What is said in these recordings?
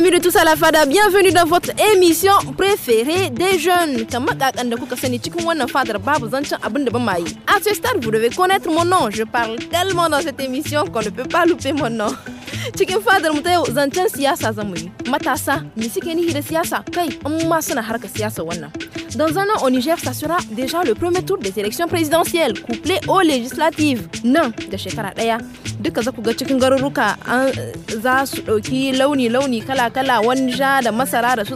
amis de tous à la fada, bienvenue dans votre émission préférée des jeunes. À ce stade, vous devez connaître mon nom. Je parle tellement dans cette émission qu'on ne peut pas louper mon nom. cikin fadar mu ta siyasa matasa me suke nihi da siyasa kai in suna harka siyasa wannan Dans un an, au Niger, ça sera déjà le premier tour des élections présidentielles, couplé aux législatives. Non, de shekara daya. de za ku ga cikin garuruka an za su launi-launi kala-kala wanja da masara da su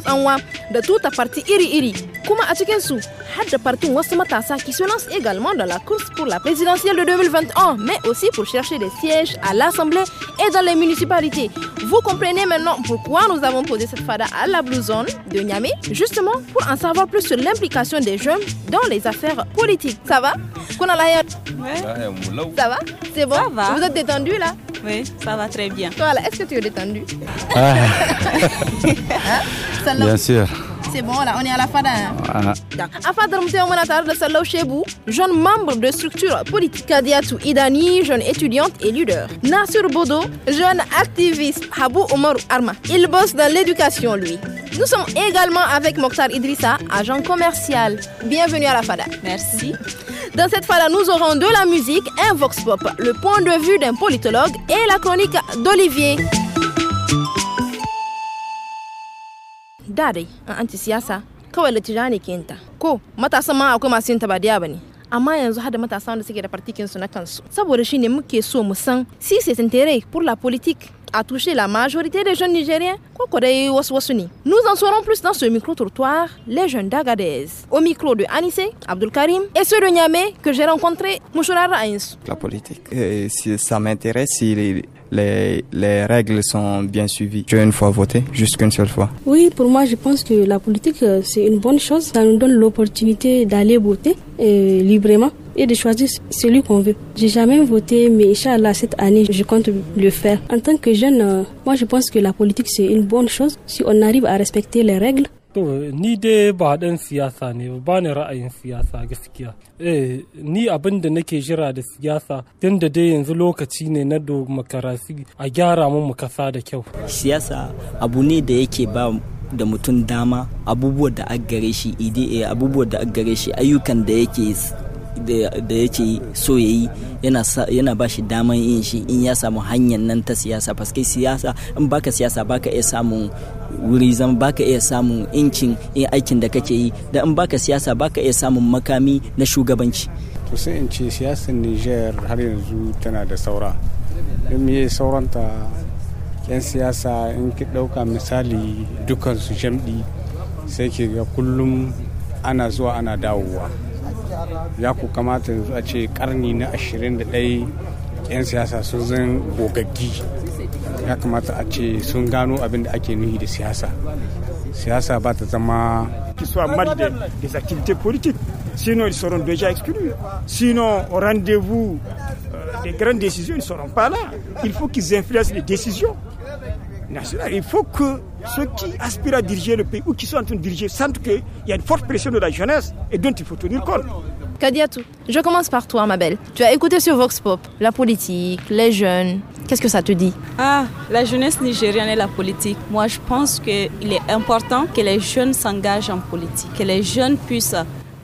de toute la partie iri-iri. Kuma a cikin su har da partin wasu matasa qui se lance également dans la course pour la présidentielle de 2021, mais aussi pour chercher des sièges à l'Assemblée et dans les municipalité. Vous comprenez maintenant pourquoi nous avons posé cette fada à la Blue Zone de Niamey, justement pour en savoir plus sur l'implication des jeunes dans les affaires politiques. Ça va Ça va C'est bon ça Vous êtes détendu là Oui, ça va très bien. Toi là, est-ce que tu es détendu ah. Bien sûr c'est bon, là, on est à la FADA. Hein. de Chebou, jeune membre de structure politique Kadiatou Idani, jeune étudiante et leader. Nasur Bodo, jeune activiste Habou Omar Arma. Il bosse dans l'éducation, lui. Nous sommes également avec Mokhtar Idrissa, agent commercial. Bienvenue à la FADA. Merci. Dans cette fada, nous aurons de la musique, un vox pop, le point de vue d'un politologue et la chronique d'Olivier. da an anti siyasa kawai latija ne ke yinta ko matasan ma akwai masu yinta ba diya ba amma yanzu hada matasa wanda suke da partikin su na kansu saboda shine muke so mu san si se intérêt pour la politique a touché la majorité des jeunes nigériens koko dai wasu wasu ne nous en saurons plus dans ce micro trottoir les jeunes d'Agadez au micro de Anissé Abdul Karim et ceux de Niamey que j'ai rencontré Mouchourara Ains la politique euh, si ça m'intéresse il est les, règles sont bien suivies. Tu as une fois voté, juste qu'une seule fois. Oui, pour moi, je pense que la politique, euh, c'est une bonne chose. Ça nous donne l'opportunité d'aller voter euh, librement et de choisir celui qu'on veut. J'ai jamais voté, mais Inch'Allah, cette année, je compte le faire. En tant que jeune, euh, moi, je pense que la politique, c'est une bonne chose si on arrive à respecter les règles. To ni dai ba ɗan siyasa ne ba ni ra'ayin siyasa gaskiya. Eh ni abin da nake jira da siyasa tun da dai yanzu lokaci ne na demokarasi a gyara mu kasa da kyau. Siyasa abu ne da yake ba da mutum dama abubuwan da aggare shi eh, abubuwan da aggare shi ayyukan da yake da ya ce so ya yi yana ba shi daman yin shi in ya samu hanyar nan ta siyasa paske siyasa in baka siyasa baka iya samun wuri zama baka iya samun incin in aikin da kake yi da in baka siyasa baka iya samun makami na shugabanci to sai in ce siyasar niger har yanzu tana da saura don me sauranta 'yan siyasa in ki ɗauka misali dukansu jam'i sai ke ga kullum ana zuwa ana dawowa Il faut kamata a ce karni na des, activités politiques. Sinon, ils seront déjà exclus. Sinon, au rendez-vous euh, des grandes décisions, ils ne seront pas là. Il faut qu'ils influencent les décisions. Il faut que ceux qui aspirent à diriger le pays ou qui sont en train de diriger sentent qu'il y a une forte pression de la jeunesse et dont il faut tenir compte. Kadiatou, je commence par toi, ma belle. Tu as écouté sur Vox Pop la politique, les jeunes. Qu'est-ce que ça te dit Ah, la jeunesse nigérienne et la politique. Moi, je pense qu'il est important que les jeunes s'engagent en politique, que les jeunes puissent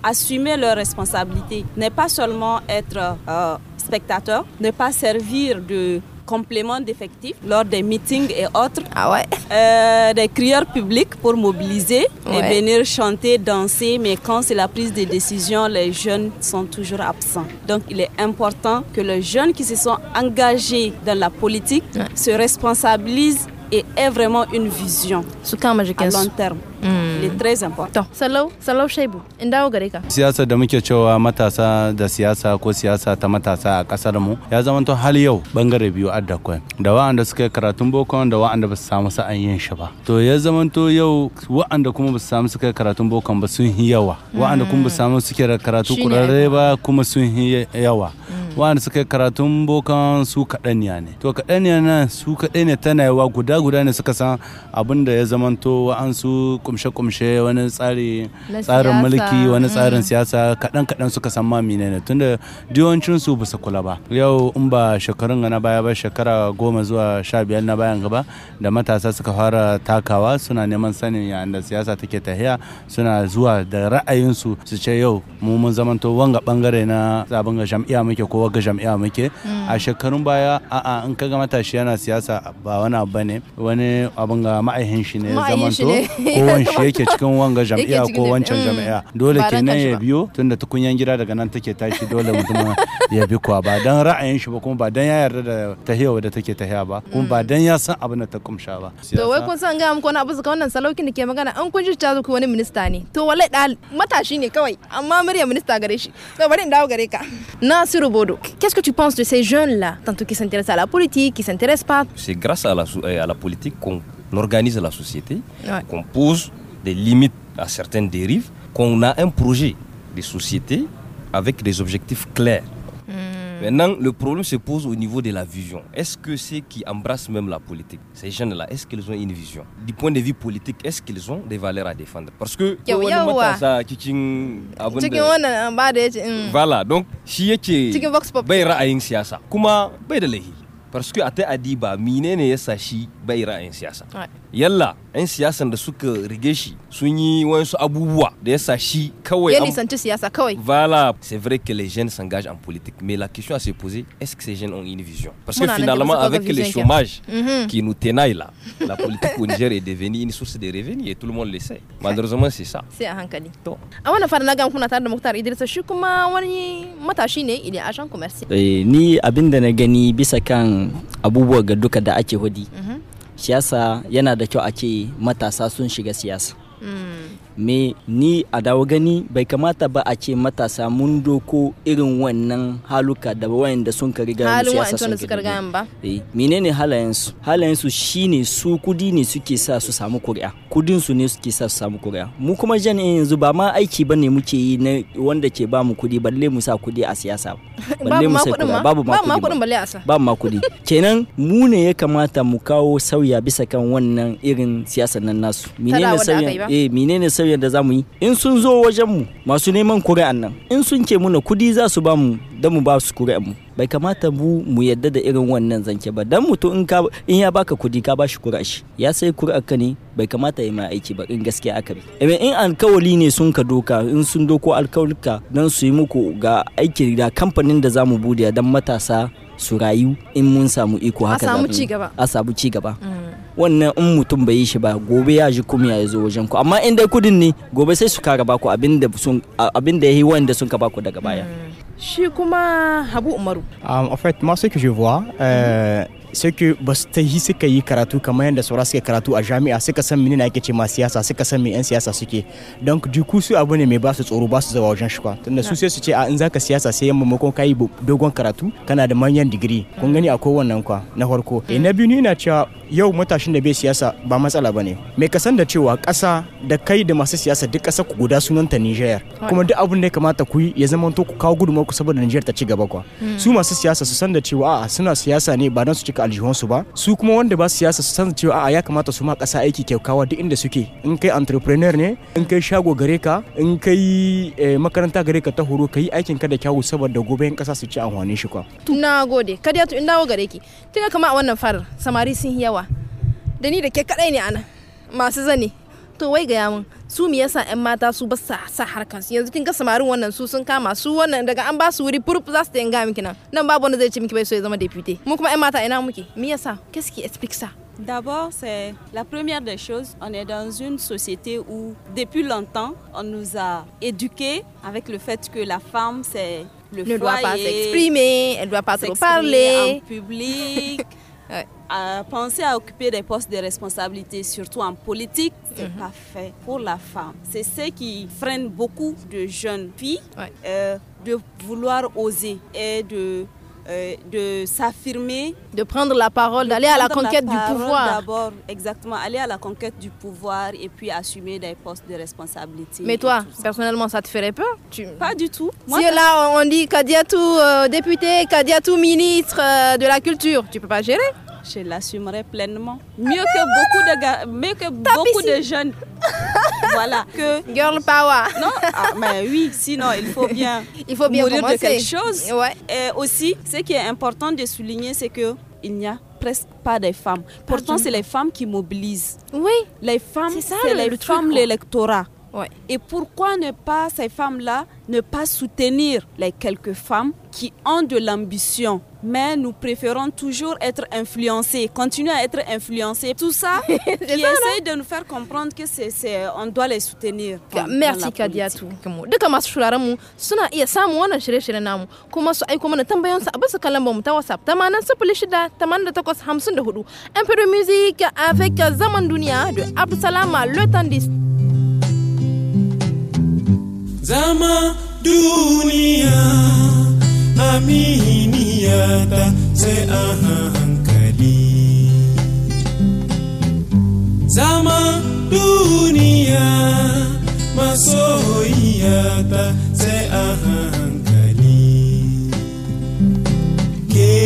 assumer leurs responsabilités, n'est pas seulement être euh, spectateur, ne pas servir de complément d'effectifs lors des meetings et autres. Ah ouais. Euh, des crieurs publics pour mobiliser et venir chanter, danser. Mais quand c'est la prise de décision, les jeunes sont toujours absents. Donc il est important que les jeunes qui se sont engagés dans la politique se responsabilisent et est vraiment une vision à long terme. Mm. Il est très important. Salau, Salau Shaibu, indawo gare ka. Siyasa da muke cewa matasa da siyasa ko siyasa ta matasa a kasar mu ya zama to hal yau bangare biyu adda kwai. Da wa'anda suka yi karatun boko da wa'anda ba su samu sa'an yin shi ba. To ya zama to yau wa'anda kuma ba su samu suka yi karatun boko ba sun yi yawa. Hmm. Wa'anda kuma ba su samu suke karatu kurare ba kuma sun yi yawa. Mm. wanda suka yi karatun bokan su kaɗaniya ne to kaɗaniya na su kaɗai ne tana yawa guda guda ne suka san abin da ya zamanto su kumshe-kumshe wani tsari tsarin mulki wani mm. tsarin siyasa kaɗan kaɗan suka san mine ne tunda diwancin su bisa su kula ba yau in ba shekarun na baya ba shekara goma zuwa sha biyar na bayan gaba da matasa suka fara takawa suna neman sanin yayin da siyasa take tahiya suna zuwa da ra'ayinsu su ce yau mu mun zamanto wanga bangare na zaben ga jam'iyya muke ko ga jam'iyya muke mm. a shekarun baya a'a in kaga matashi yana siyasa ba wani abu bane wani abun ga ma'aihin shi ne to ko shi yake cikin wanga jam'iyya ko wancan mm. jam'iyya dole kenan ya biyo tunda tukunyan gida daga nan take tashi dole mutum ya bi kwa ba dan ra'ayin shi ba kuma ba dan ya yarda da tahiyawa da take tahiya ba kuma ba mm. dan ya san abin da ta kumsha ba to wai kun san ga muku wani abu suka wannan salaukin da ke magana an kun ji ta zuku wani minista ne to wallahi matashi ne kawai amma murya minista gare shi to bari in dawo gare ka nasiru bodo Qu'est-ce que tu penses de ces jeunes-là, tantôt qui s'intéressent à la politique, qui ne s'intéressent pas C'est grâce euh, à la, politique qu'on organise la société, qu'on pose des limites à certaines dérives, qu'on a un projet de société avec des objectifs clairs. Maintenant, le problème se pose au niveau de la vision. Est-ce que ceux qui embrassent même la politique, ces jeunes-là, est-ce qu'ils ont une vision Du point de vue politique, est-ce qu'ils ont des valeurs à défendre Parce que... Mm. Voilà, donc, si Parce que, à te Adiba, mine ne yasa shi bai ra'ayin siyasa. Yalla, 'yan siyasan da suka rige shi sun yi wasu abubuwa da ya sa shi kawai ya nisanci siyasa kawai voilà c'est vrai que les jeunes s'engagent en politique mais la question à se poser est-ce que ces jeunes ont une vision parce que finalement avec le chômage mhm. qui nous tenaille là la politique au Niger est devenue une source de revenus et tout le monde le sait malheureusement c'est ça c'est à hankali to a ah, wannan fara na ga kuna tare da Muktar Idrisa shi kuma wani matashi ne il est agent commercial eh ni abinda na gani bisa kan abubuwa ga duka da ake hudi mhm. siyasa yana da kyau ake matasa sun shiga siyasa hmm. me ni a dawo gani bai kamata ba a ce matasa mun doko irin wannan haluka da da sun ka su yasa sun ka riga ba eh, menene halayensu su shine su kudi ne suke sa su samu kuri'a kudin su ne suke sa su samu kuri'a mu kuma jan yanzu ba ma aiki bane muke yi na wanda ke ba mu kudi balle mu sa kudi a siyasa balle mu sa kuri'a babu ma kudi balle a sa babu ma kudi kenan mu ne ya kamata mu kawo sauya bisa kan wannan irin siyasar nan nasu menene sauya eh menene sauya yadda za mu yi in sun zo wajen masu neman kuri'an nan in sun ce muna kudi za su ba mu don mu ba su kuri'an mu bai kamata mu mu yadda da irin wannan zance ba dan mutum in ya baka kudi ka bashi kuri'a shi ya sai kuri'a ka ne bai kamata ya ma aiki ba in gaskiya aka bi in alkawali ne sun ka doka in sun doko alkawalka dan su yi muku ga aiki da kamfanin da za mu bude don matasa su rayu in mun samu iko haka a a samu ci gaba mm. wannan in mutum bai yi shi ba gobe ya ji kuma ya zo wajen ku amma in dai kudin ne gobe sai su kara baku abinda sun abinda yayi wanda sun ka baku daga baya mm. shi kuma Habu Umaru um, en fait moi ce que je vois euh, sai ke ba su ta yi suka yi karatu kamar yadda saura suke karatu a jami'a suka san na ake ce ma siyasa suka san min yan siyasa suke don duku su abu ne mai ba su tsoro ba su zawa wajen shi kwa tunda su sai su ce a in zaka siyasa sai yamma makon yi dogon karatu kana da manyan digiri kun gani akwai wannan kwa na farko eh, na biyu ni na cewa yau matashin da bai siyasa ba matsala ba ne mai kasan da cewa ƙasa da kai da masu siyasa duk ƙasa ku guda sunanta nijar kuma duk abin da ya kamata ku yi ya zama to ku kawo gudunmawar ku saboda nijar ta ci gaba kuwa hmm. su masu siyasa su san da cewa a'a suna siyasa ne ba don su cika aljihunsu ba su kuma wanda ba siyasa su san da cewa a'a ya kamata su ma ƙasa aiki kyaukyawa duk inda suke in kai entrepreneur ne in kai shago gare ka in kai eh, makaranta gare ka ta horo ka yi aikin ka da kyawu saboda gobe yan ƙasa su ci amfani shi kuwa. na gode kadiyatu in dawo gare ki tun kama a wannan farar samari sun yawa yawa da ni da ke kadai ne anan masu zani to wai gaya mun su mi yasa yan mata su ba sa sa harkan su yanzu kin ga samarin wannan su sun kama su wannan daga an ba su wuri furf za su ga miki nan nan babu wanda zai ce miki bai so ya zama député mu kuma yan mata ina muke mi yasa qu'est-ce qui explique ça D'abord, c'est la première des choses. On est dans une société où, depuis longtemps, on nous a éduqués avec le fait que la femme, c'est le ne foyer, doit pas s'exprimer, elle ne doit pas trop parler en public. Euh, à penser à occuper des postes de responsabilité, surtout en politique, c'est mhm. pas fait pour la femme. C'est ce qui freine beaucoup de jeunes filles euh, de vouloir oser et de euh, de s'affirmer. De prendre la parole, d'aller à la conquête du pouvoir. D'abord, exactement, aller à la conquête du pouvoir et puis assumer des postes de responsabilité. Mais toi, personnellement, ça te ferait peur Pas du tout. si là, on dit Kadiatou euh, député, Kadiatou ministre euh, de la culture, tu peux pas gérer Je l'assumerai pleinement. Mieux que beaucoup de, mieux que beaucoup de jeunes. voilà. Que... Girl power. Non, ah, mais oui, sinon il faut bien, il faut bien mourir de quelque chose. Ouais. Et aussi, ce qui est important de souligner, c'est que il n'y a presque pas de femmes. Pourtant, c'est les femmes qui mobilisent. Oui. Les femmes, c'est les femmes l'électorat. Et pourquoi ne pas ces femmes-là ne pas soutenir les quelques femmes qui ont de l'ambition mais nous préférons toujours être influencés, continuer à être influencés. Tout ça, qui essaye de nous faire comprendre que c'est, c'est, on doit les soutenir. Merci Kadiatu. Duka masu shuraren mu suna iya samun wannan shirye-shiryen namu kuma su aiko mana tambayoyin su a bisa kallon mu ta WhatsApp 86 Un peu de musique avec Zaman Dunia de Abdussalam Le Tandis. Zaman Dunia aminiyata sai a hankali zama duniya masoyiyata sai a hankali ke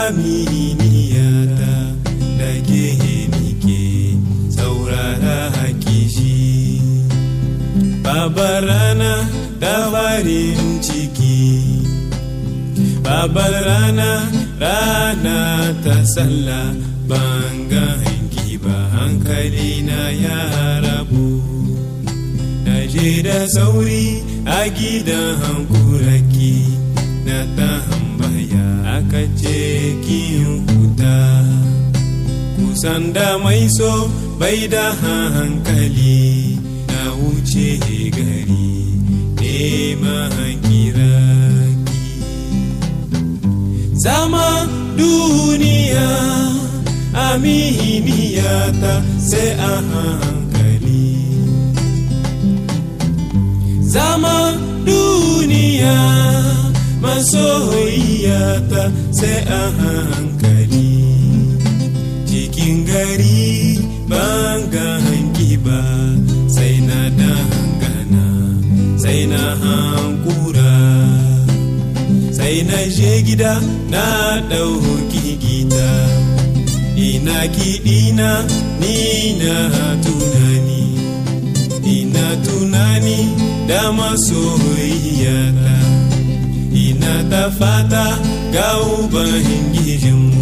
aminiyata da ke nike saurara hakishi babarana da farin ciki babar rana rana ta sallah ban ga hanki ba hankali na ya rabu na je da sauri a gidan hankuraki na ta hambaya aka ce kiyin huta kusan da mai so bai da hankali na wuce gari ne neman zama duniya aminiyata sai a hankali zama duniya masoyiyata sai a hankali cikin gari ban hanki ba sai na dangana sai na hankuri sai na je gida na ɗau gita ina kiɗina ni na tunani ina tunani da masoyiyata ina ta fata ga ubangijinmu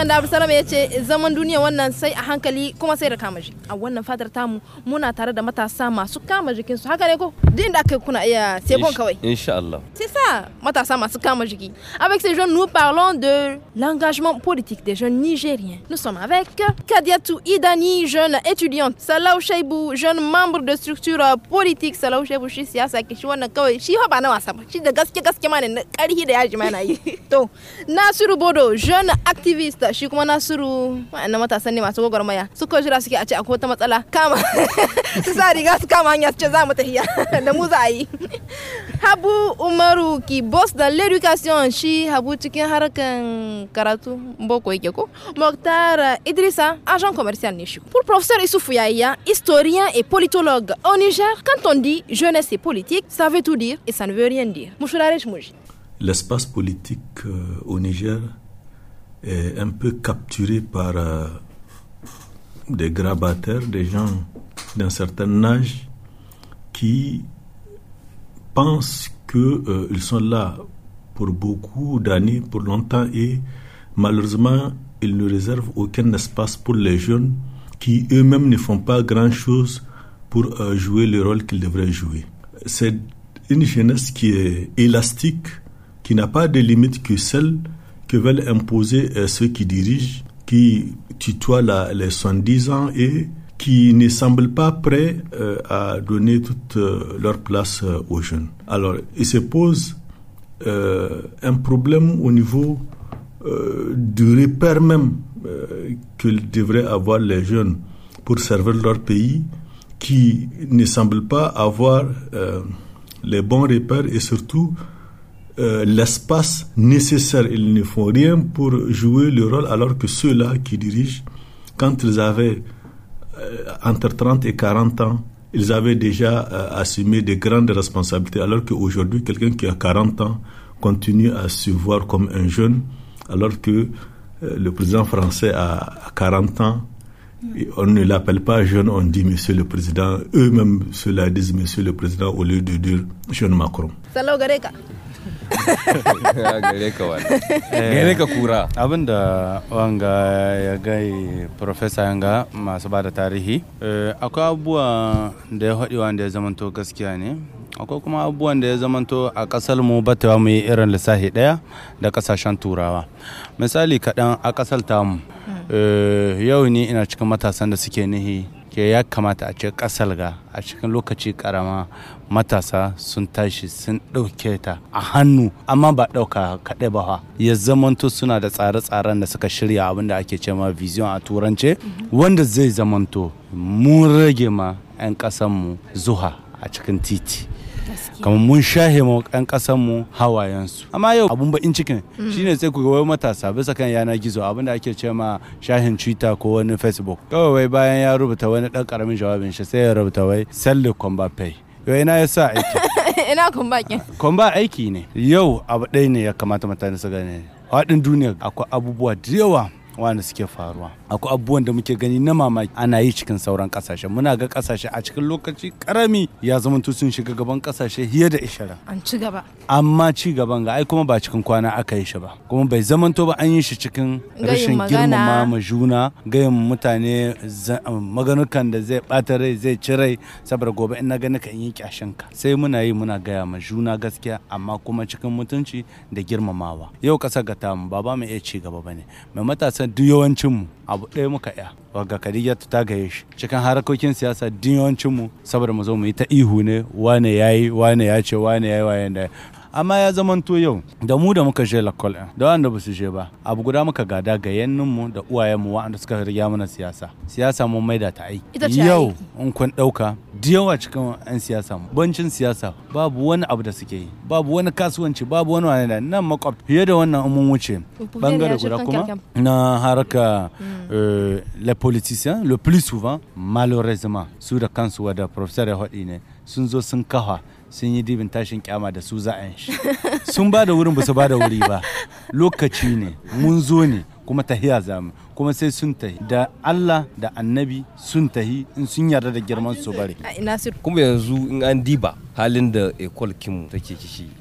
kan da Abdulsalam ya ce zaman duniya wannan sai a hankali kuma sai da kama ji a wannan fadar tamu muna tare da matasa masu kama jikin su haka ne ko din da aka kuna iya sebon bon kawai insha Allah c'est ça matasa masu kama jiki avec ces jeunes nous parlons de l'engagement politique des jeunes nigériens nous sommes avec Kadiatou Idani jeune étudiante Salau Shaibu jeune membre de structure politique Salau Shaibu shi siyasa ke shi wannan kawai shi ba na wasa ba shi da gaske gaske ma ne karhi da yaji ma na yi to Nasiru Bodo jeune activiste shi kuma l'éducation karatu agent commercial Pour professeur historien et politologue au Niger quand on dit jeunesse politique ça veut tout dire et ça ne veut rien dire L'espace politique euh, au Niger est un peu capturé par euh, des grabataires, des gens d'un certain âge qui pensent qu'ils euh, sont là pour beaucoup d'années, pour longtemps, et malheureusement, ils ne réservent aucun espace pour les jeunes qui eux-mêmes ne font pas grand-chose pour euh, jouer le rôle qu'ils devraient jouer. C'est une jeunesse qui est élastique, qui n'a pas de limites que celles que veulent imposer euh, ceux qui dirigent, qui tutoient les 70 ans et qui ne semblent pas prêts euh, à donner toute euh, leur place aux jeunes. Alors, il se pose un problème au niveau du repère même que devraient avoir les jeunes pour servir leur pays, qui ne semblent pas avoir les bons repères et surtout euh, l'espace nécessaire. Ils ne font rien pour jouer le rôle alors que ceux-là qui dirigent, quand ils avaient euh, entre 30 et 40 ans, ils avaient déjà euh, assumé de grandes responsabilités alors qu'aujourd'hui, quelqu'un qui a 40 ans continue à se voir comme un jeune alors que le président français a 40 ans. on ne l'appelle pas jeune, on dit Monsieur le Président. Eux-mêmes, ceux-là disent Monsieur le Président au lieu de dire jeune Macron. gare ka wani kura abin da wanga ya gai profesa yanga masu ba da tarihi eh, akwai abubuwa da ya haɗi wanda ya zamanto gaskiya ne akwai kuma abubuwan da ya zamanto a ƙasar mu batawa mu yi irin lissafi ɗaya da ƙasashen turawa misali kaɗan a ƙasar tamu eh, yau ni ina cikin matasan da suke nihi ke ya kamata a cikin ƙasar ga a cikin lokaci ƙarama matasa sun tashi sun ɗauke ta a hannu amma ba ɗauka kaɗai ba ya zamanto suna da tsare-tsaren da suka shirya abin da ake cema vision a turance mhm. wanda zai zamanto mun rage ma 'yan ƙasanmu zuha a cikin titi kamar mun shahe ma yan kasan mu hawayensu amma yau abun bakin cikin mm. shine sai ku wai matasa bisa kan yana gizo abin da ake cewa shahin twitter ko wani facebook kawai bayan ya rubuta wani ɗan karamin jawabin shi sai ya rubuta wai sell the combat pay yau ina ya sa aiki. Ina kun ke? Kun aiki ne. Yau abu ɗaya ne ya kamata mutane su gane. Faɗin duniya akwai abubuwa da yawa wanda suke faruwa akwai abubuwan da muke gani na mamaki ana yi cikin sauran kasashe muna ga kasashe a cikin lokaci karami ya zama sun shiga gaban kasashe hiyar da ishirin an ci gaba amma ci gaban ga ai kuma ba cikin kwana aka yi shi ba kuma bai zamanto ba an yi shi cikin rashin girmama ma juna gayin mutane maganukan da zai bata rai zai ci rai saboda gobe in na gani ka yi kyashin ka sai muna yi muna gaya ma juna gaskiya amma kuma cikin mutunci da girmamawa yau kasa ga tamu ba ba mu iya ci gaba bane mai matasa siyasa duk yawancinmu abu ɗaya muka ya wagga Khadija ta gaye shi cikin harkokin siyasa duk yawancinmu saboda mu zo mu yi ta ihu ne wane yayi wane ya ce wane yayi wayan da amma ya zamanto yau da mu da muka je lakol ɗin da wanda ba su je ba abu guda muka gada ga mu da uwayenmu waɗanda suka riga mana siyasa siyasa mun maida ta aiki yau in kun ɗauka yawa cikin 'yan siyasa mu bancin siyasa babu wani abu da suke yi babu wani kasuwanci babu wani wani nan makwab fiye da wannan mun wuce bangare guda kuma na haraka hmm. eh, le politicien le plus souvent malheureusement su da kansu da professeur ya haɗi ne sun zo sun kafa sun yi dibin tashin kyama da su za a shi sun ba da wurin ba su ba da wuri ba lokaci ne mun zo ne kuma tahiya za mu kuma sai sun tahi da Allah da annabi sun tahi in sun yarda da girman su bari. kuma yanzu in an diba halin da ekol kinmu take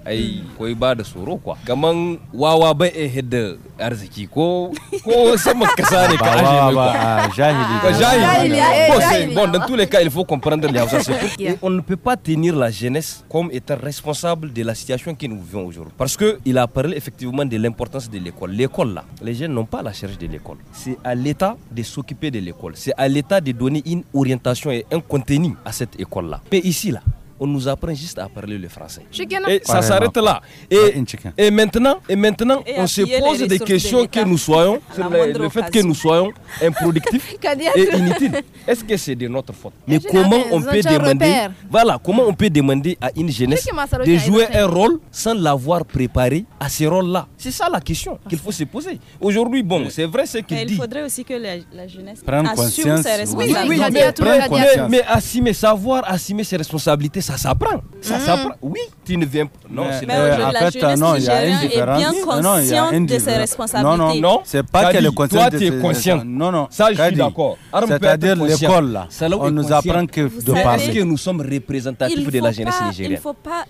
ai koi ba da soro kwa gaman wawa ba e hidda arziki ko ko sama kasa ne ka kwa jahili J'ai eh, jahili bon bon dans tous les cas il faut comprendre les on ne peut pas tenir la jeunesse comme étant responsable de la situation que nous vivons aujourd'hui parce que il a parlé effectivement de l'importance de l'école l'école là les jeunes n'ont pas la charge de l'école c'est à l'état de s'occuper de l'école c'est à l'état de donner une orientation et un contenu à cette école là mais ici là on nous apprend juste à parler le français. Et ça s'arrête là. Et, maintenant, et maintenant on se pose des questions que nous soyons, le, fait que nous soyons improductifs et inutiles. Est-ce que c'est de notre faute Mais comment on peut demander, voilà, comment on peut demander à une jeunesse de jouer un rôle sans l'avoir préparé à ce rôle-là C'est ça la question qu'il faut se poser. Aujourd'hui, bon, c'est vrai ce qu'il dit. Il faudrait aussi que la, jeunesse Assume Ses responsabilités. mais, mais assumer, savoir assumer ses responsabilités, ça s'apprend. Ça hmm. s'apprend. Oui, tu ne viens pas. Non, c'est la euh, jeunesse non, il y a une différence. bien consciente de ses responsabilités. Non, non, non. C'est pas que le Toi, tu es conscient. Non, non. Ça, je suis d'accord. C'est-à-dire l'école, là. On nous apprend que de parler. est que nous sommes représentatifs de la jeunesse nigérienne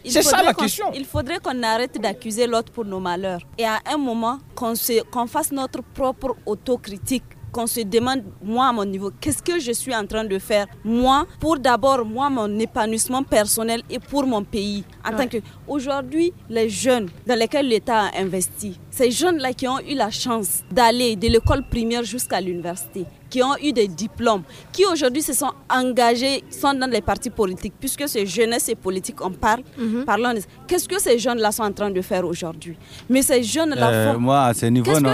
C'est ça la question. Il faudrait qu'on arrête d'accuser l'autre pour nos malheurs. Et à un moment, qu'on fasse notre propre autocritique qu'on se demande, moi à mon niveau, qu'est-ce que je suis en train de faire, moi, pour d'abord, moi, mon épanouissement personnel et pour mon pays. En tant que, aujourd'hui, les jeunes dans lesquels l'État a investi, ces jeunes-là qui ont eu la chance d'aller de l'école primaire jusqu'à l'université, qui ont eu des diplômes, qui aujourd'hui se sont engagés, sont dans les partis politiques, puisque c'est jeunesse et politique, on parle. Mhm. Parlons Qu'est-ce que ces jeunes-là sont en train de faire aujourd'hui Mais ces jeunes-là euh, font... Moi, à ce niveau, ces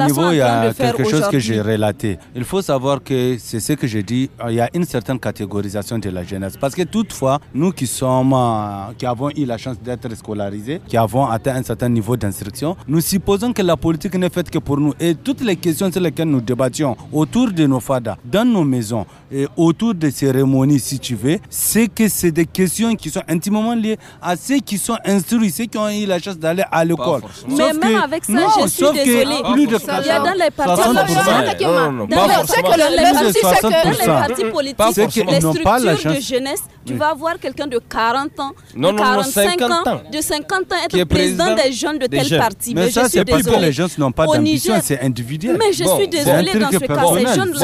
à niveau il y a quelque chose que j'ai relaté. Il faut savoir que c'est ce que j'ai dit, il y a une certaine catégorisation de la jeunesse. Parce que toutefois, nous qui sommes, euh, qui avons eu la chance d'être scolarisés, qui avons atteint un certain niveau d'instruction, nous supposons que la politique n'est faite que pour nous. Et toutes les questions sur lesquelles nous débattions autour de nos fadas, dans nos maisons, et autour des cérémonies, si tu veux, c'est que c'est des questions qui sont intimement liées à ceux qui sont instruits, ceux qui ont eu la chance d'aller à l'école. Mais même avec ça, je suis désolée. il y a dans les partis politiques, non, non, dans les partis politiques, les structures de jeunesse, tu vas avoir quelqu'un de 40 ans, de 45 ans, de 50 ans être président des jeunes de tel parti. Mais ça, c'est pas que les jeunes n'ont pas d'ambition, c'est individuel. Mais je suis désolé dans ce cas, jeunes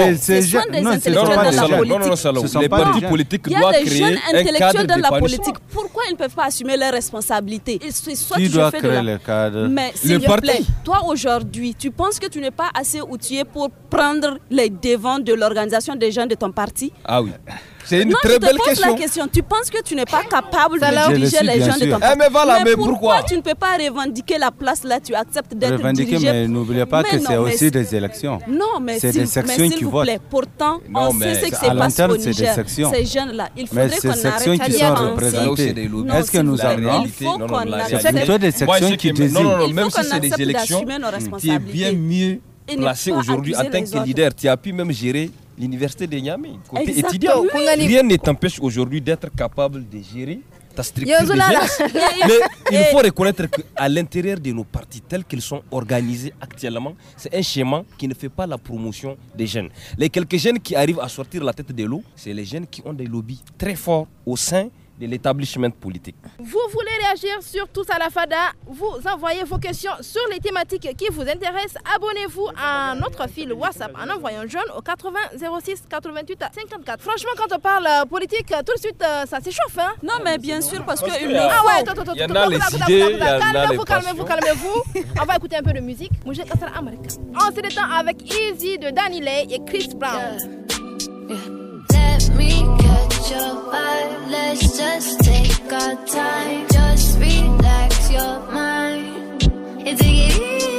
politique. Les Il y a des jeunes intellectuels dans la politique. Pourquoi ils ne peuvent pas assumer leurs responsabilités créer le cadre Mais s'il te plaît, toi aujourd'hui, tu penses que tu n'es pas assez outillé pour prendre les devants de l'organisation des jeunes de ton parti Ah oui. C'est une non, très je te pose question. la question. Tu penses que tu n'es pas capable de diriger les gens de ton eh mais voilà, mais, pourquoi, pourquoi, tu ne peux pas revendiquer la place là Tu acceptes d'être dirigé. mais n'oubliez pas que c'est aussi des élections. Non, mais c'est des sections qui votent. Pourtant, on sait ce qui se c'est des sections. Ces jeunes-là, il faudrait qu'on arrête qui sont représentées. Est-ce que nous avons C'est plutôt des sections qui désirent. Non, non, même si c'est des élections, tu es bien mieux placé aujourd'hui en tant que leader. Tu as pu même gérer l'université de Niamey, côté étudiant. Rien ne t'empêche aujourd'hui d'être capable de gérer ta structure Mais il faut reconnaître qu'à l'intérieur de nos partis tels qu'ils sont organisés actuellement, c'est un schéma qui ne fait pas la promotion des jeunes. Les quelques jeunes qui arrivent à sortir la tête de l'eau, c'est les jeunes qui ont des lobbies très forts au sein de l'établissement politique. Vous voulez réagir sur tout ça la FADA Vous envoyez vos questions sur les thématiques qui vous intéressent. Abonnez-vous à notre fil WhatsApp en envoyant jeune au 80 06 88 54. Franchement, quand on parle euh, politique, euh, tout de suite, euh, ça s'échauffe. Hein non, mais bien sûr, parce, que... Ah ouais, attends, attends, Calmez-vous, calmez-vous, calmez-vous. On va écouter un peu de musique. On se détend avec Easy de Danny Lay et Chris Brown. Let me your vibe. Let's just take our time. Just relax your mind. It's a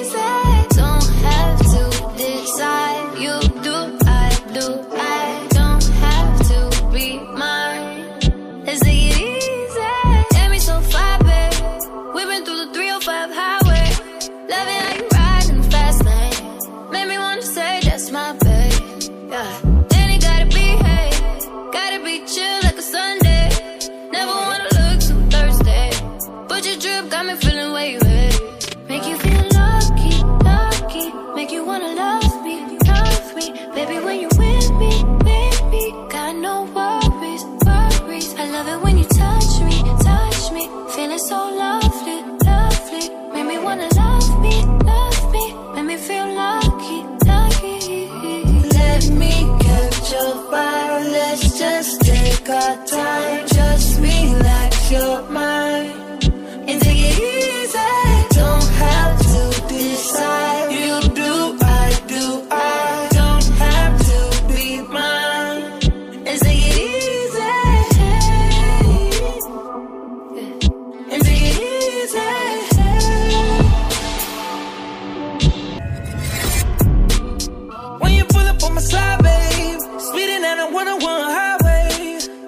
one-on-one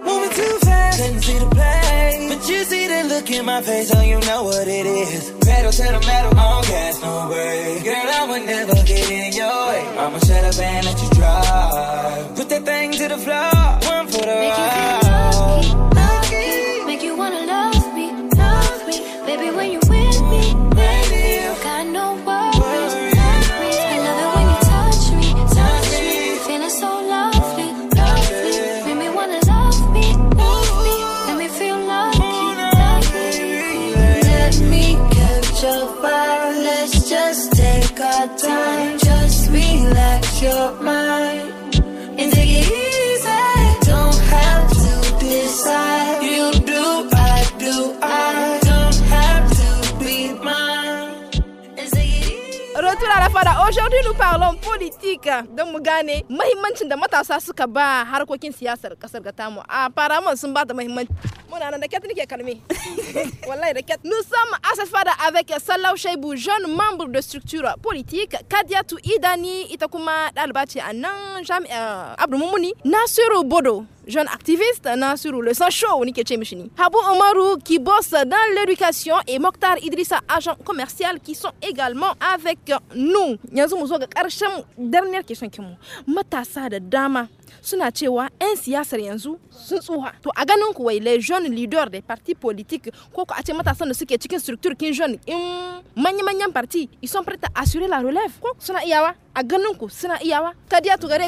moving too fast. Couldn't see the play, but you see that look in my face, so oh, you know what it is. Pedal to the metal, on gas, no way. Girl, I would never get in your way. I'ma shut up and let you drive. Put that thing to the floor, one for the ride. aujourd'hui nous parlons politique de Mugane. gane de da matasa suka ba harkokin siyasar kasar ga de A ah, fara man sun ba da Voilà, Muna nan da Nous sommes à cette fois avec Salau Shaibu, jeune membre de structure politique, Kadiatu Idani, Itakuma kuma ɗaliba ce a Bodo, jeune activiste Nassirou le Sancho chaud, Chemichini. Habou Omarou qui bosse dans l'éducation et Mokhtar Idrissa agent commercial qui sont également avec nous. une dernière question kinmu. Matasa de dama suna cewa un siyasar yanzu sun To a les jeunes leaders des partis politiques Koko ko a ce cikin structure kin jeune in mani parti ils sont prêts à assurer la relève ko suna iyawa c'est euh,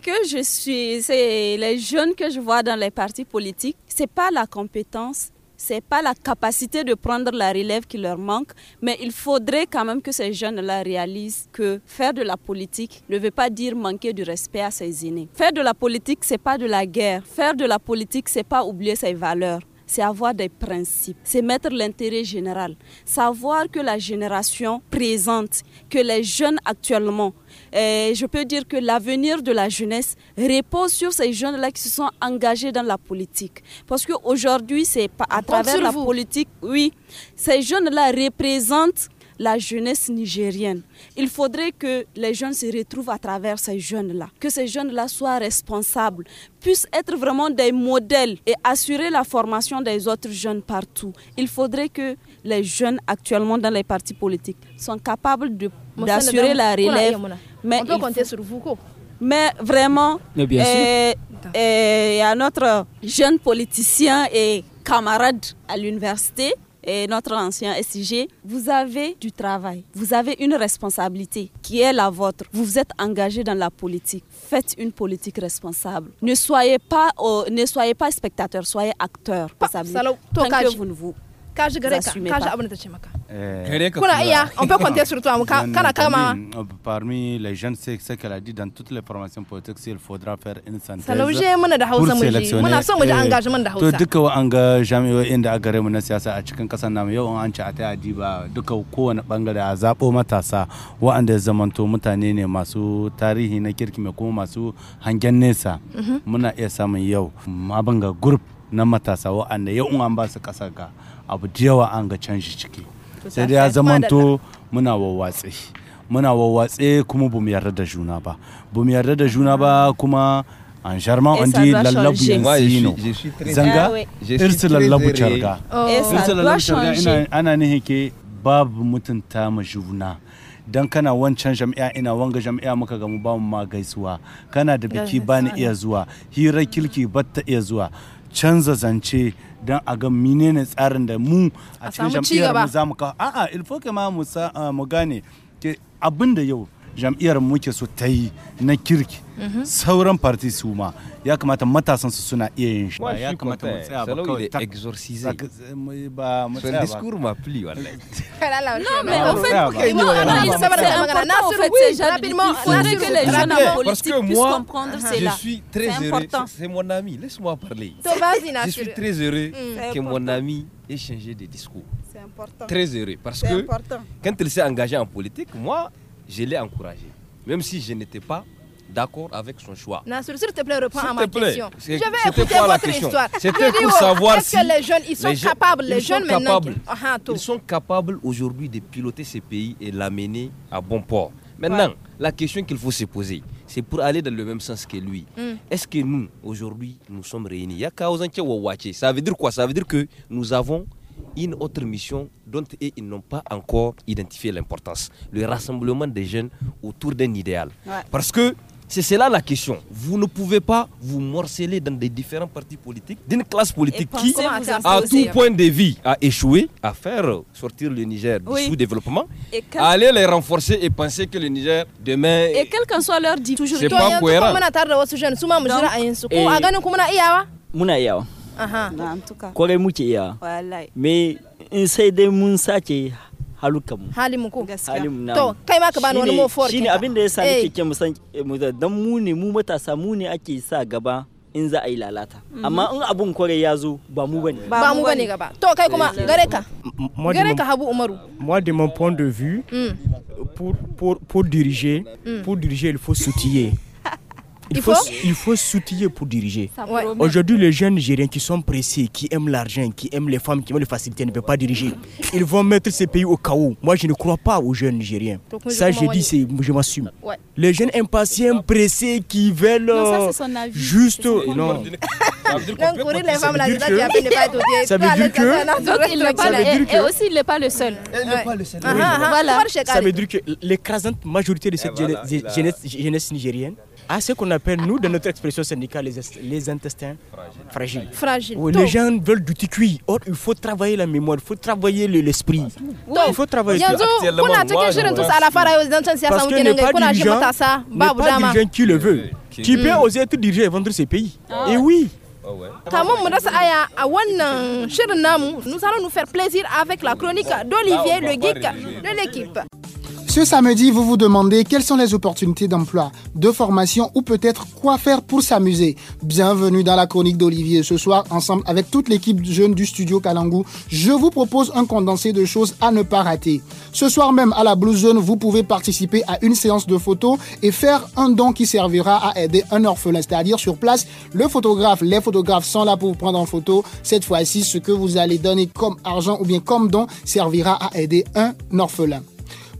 que je suis c'est les jeunes que je vois dans les partis politiques c'est pas la compétence c'est pas la capacité de prendre la relève qui leur manque, mais il faudrait quand même que ces jeunes-là réalisent que faire de la politique ne veut pas dire manquer du respect à ses aînés. Faire de la politique, c'est pas de la guerre. Faire de la politique, c'est pas oublier ses valeurs c'est avoir des principes, c'est mettre l'intérêt général, savoir que la génération présente, que les jeunes actuellement, eh, je peux dire que l'avenir de la jeunesse repose sur ces jeunes-là qui se sont engagés dans la politique. Parce qu'aujourd'hui, c'est à travers la politique, oui, ces jeunes-là représentent la jeunesse nigérienne. Il faudrait que les jeunes se retrouvent à travers ces jeunes-là, que ces jeunes-là soient responsables, puissent être vraiment des modèles et assurer la formation des autres jeunes partout. Il faudrait que les jeunes actuellement dans les partis politiques soient capables d'assurer la relève. Mais On peut compter sur vous. Mais vraiment, Mais bien eh, eh, à notre jeune politicien et camarade à l'université, et notre ancien SIG, vous avez du travail, vous avez une responsabilité qui est la vôtre. Vous vous êtes engagé dans la politique. Faites une politique responsable. Ne soyez pas, euh, ne soyez pas spectateur, soyez acteur. vous vous kaje gare ka da ta ce maka kuna iya on peut compter sur toi kana kama euh, parmi les jeunes c'est ce qu'elle a dit dans toutes les formations politiques il faudra faire une synthèse salauje muna da Hausa mu ji muna son mu eh, engagement da Hausa to duka wa an ga inda da aka mu na siyasa a cikin kasar namu yau an ci a ta adiba duka kowane bangare a zabo matasa wa'anda ya zamanto mutane ne masu tarihi na kirki mai kuma masu hangen nesa mhm. muna iya samun yau abin ga group na matasa wa'anda yau an ba su ga abu da yawa an ga canji ciki sai dai ya zamanto muna wawatse. muna wawatse kuma bu mu yarda da juna ba bu mu yarda da juna ba kuma An germain eh, on lallabu la langue zanga irsu lallabu carga eh, irsu lallabu carga ana ne ke babu mutunta ma juna dan kana wancan jam'iya ina wanga jam'iya muka gamu ba mu ma gaisuwa kana da biki bani iya zuwa hira kilki batta iya zuwa canza zance don a ga menene tsarin da mu a cikin jam'iyyar mu za mu kawo a'a ilfoke ma mu eh, gane abin da yau jam'iyyar muke so ta yi na kirki mhm. sauran parti su ma ya kamata matasan su suna iya yin shi ya kamata mu tsaya ba kawai ta exorciser ba mu tsaya ba discours ma pli wallahi non mais en fait okay, non, non, non, il s'appelle magana non en fait rapidement il que les jeunes en politique puissent comprendre c'est là je suis très heureux c'est mon ami laisse-moi parler je suis très heureux mm. que mon ami ait changé de discours c'est important très heureux parce que quand il s'est engagé en politique moi je l'ai encouragé, même si je n'étais pas d'accord avec son choix. s'il te plaît, reprends à ma question. Je vais écouter la question. histoire. C'était pour savoir est si que les jeunes, ils sont capables, les jeunes maintenant ah, ah, Ils sont capables aujourd'hui de piloter ce pays et l'amener à bon port. Maintenant, la question qu'il faut se poser, c'est pour aller dans le même sens que lui. Hmm. Est-ce que nous, aujourd'hui, nous sommes réunis Ça veut dire quoi Ça veut dire que nous avons une autre mission dont ils n'ont pas encore identifié l'importance, le rassemblement des jeunes autour d'un idéal. Parce que c'est cela la question. Vous ne pouvez pas vous morceler dans des différents partis politiques, d'une classe politique qui, à tout hein. point de vie, a échoué à faire sortir le Niger du sous-développement, aller les renforcer et penser que le Niger demain. Et quel qu'en soit leur dit, toujours. C'est pas cohérent. kwarai muke iya me in sai dai mun sake halukanmu halimu ko halimu to kai ma ka bani wani mofor shine abin da yasa nake ke eh. musan eh, dan mu ne mu matasa mu ne ake sa gaba in za a yi lalata mhm. amma in abun kwarai ya zo ba mu bane ba mu bane gaba to kai kuma eh, gare ka gare ka habu umaru moi de mon point de vue mm. pour pour pour diriger mm. pour diriger il faut s'outiller Il, faut, il s'outiller pour diriger. Aujourd'hui, les jeunes Nigériens qui sont pressés, qui aiment l'argent, qui aiment les femmes, qui veulent les facilités, ne peuvent pas diriger. Ils vont mettre ces pays au chaos. Moi, je ne crois pas aux jeunes Nigériens. ça, je dis, je m'assume. Les jeunes impatients, pressés, qui veulent son juste. Non. Ça veut dire que. Et eh, aussi, il n'est pas le seul. Il n'est pas le seul. Ah, ah, ah. Ça veut dire que l'écrasante majorité de cette eh, jeunesse nigérienne à ce qu'on appelle, nous, de notre expression syndicale, les, les intestins fragiles. fragiles. Oui, les gens veulent du ticui, Or, il faut travailler la mémoire, il faut travailler l'esprit. Oui. Il faut travailler Yanzu, kuna cikin shirin tusa qui le veut. Euh, qui peut oser être dirigé et vendre ses pays. Ah et oui. Ah euh, nous allons nous faire plaisir avec la chronique d'Olivier, bah, le geek de l'équipe. Ce samedi, vous vous demandez quelles sont les opportunités d'emploi, de formation ou peut-être quoi faire pour s'amuser. Bienvenue dans la chronique d'Olivier. Ce soir, ensemble avec toute l'équipe jeune du studio Kalangou, je vous propose un condensé de choses à ne pas rater. Ce soir même à la Blue Zone, vous pouvez participer à une séance de photos et faire un don qui servira à aider un orphelin, c'est-à-dire sur place, le photographe, les photographes sont là pour vous prendre en photo. Cette fois-ci, ce que vous allez donner comme argent ou bien comme don servira à aider un orphelin.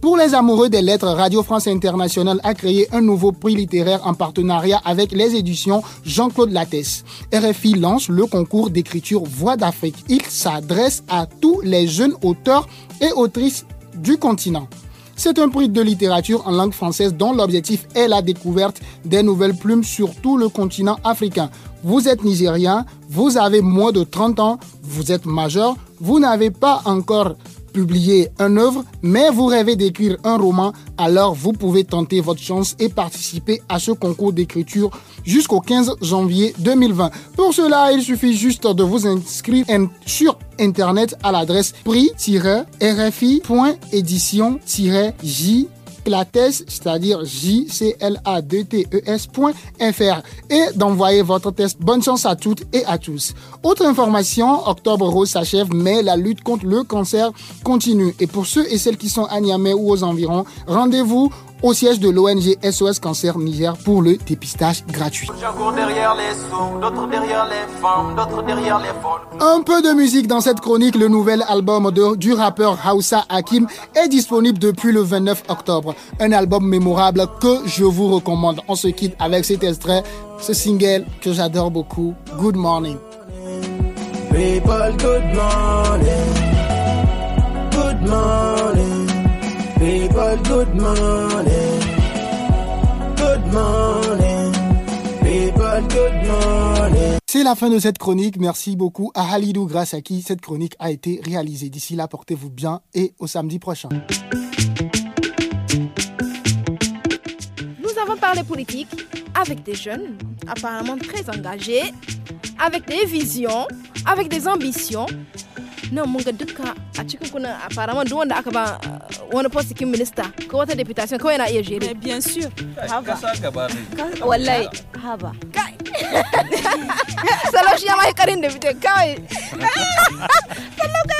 Pour les amoureux des lettres, Radio France Internationale a créé un nouveau prix littéraire en partenariat avec les éditions Jean-Claude Lattès. RFI lance le concours d'écriture Voix d'Afrique. Il s'adresse à tous les jeunes auteurs et autrices du continent. C'est un prix de littérature en langue française dont l'objectif est la découverte des nouvelles plumes sur tout le continent africain. Vous êtes nigérien, vous avez moins de 30 ans, vous êtes majeur, vous n'avez pas encore publier un œuvre, mais vous rêvez d'écrire un roman, alors vous pouvez tenter votre chance et participer à ce concours d'écriture jusqu'au 15 janvier 2020. Pour cela, il suffit juste de vous inscrire sur Internet à l'adresse prix-rfi.édition-j la clates, c'est-à-dire J-C-L-A-D-T-E-S.fr et d'envoyer votre test. Bonne chance à toutes et à tous. Autre information, Octobre Rose s'achève, mais la lutte contre le cancer continue. Et pour ceux et celles qui sont à Niamey ou aux environs, rendez-vous au siège de l'ONG SOS Cancer Niger pour le dépistage gratuit. Un peu de musique dans cette chronique, le nouvel album du rappeur Hausa Hakim est disponible depuis le 29 octobre. Un album mémorable que je vous recommande. On se quitte avec cet extrait, ce single que j'adore beaucoup, Good Morning. People, good morning. Good morning. C'est la fin de cette chronique. Merci beaucoup à Halidou, grâce à qui cette chronique a été réalisée. D'ici là, portez-vous bien et au samedi prochain. Nous avons parlé politique avec des jeunes apparemment très engagés, avec des visions, avec des ambitions nan mun ga duka a cikin kuna a faraman duk wanda aka ba uh, wani minista ko wata na iya eh, bien sûr haba wallahi haba karin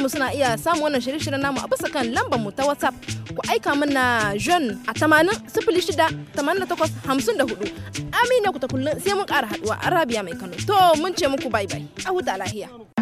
mu suna iya samun wannan shirye-shiryen namu a bisa kan lambar mu ta WhatsApp ku aika mana John a 80 06 88 54 Amina ku ta kullun sai mun ƙara haduwa Arabiya mai Kano to mun ce muku bye bye a huta lahiya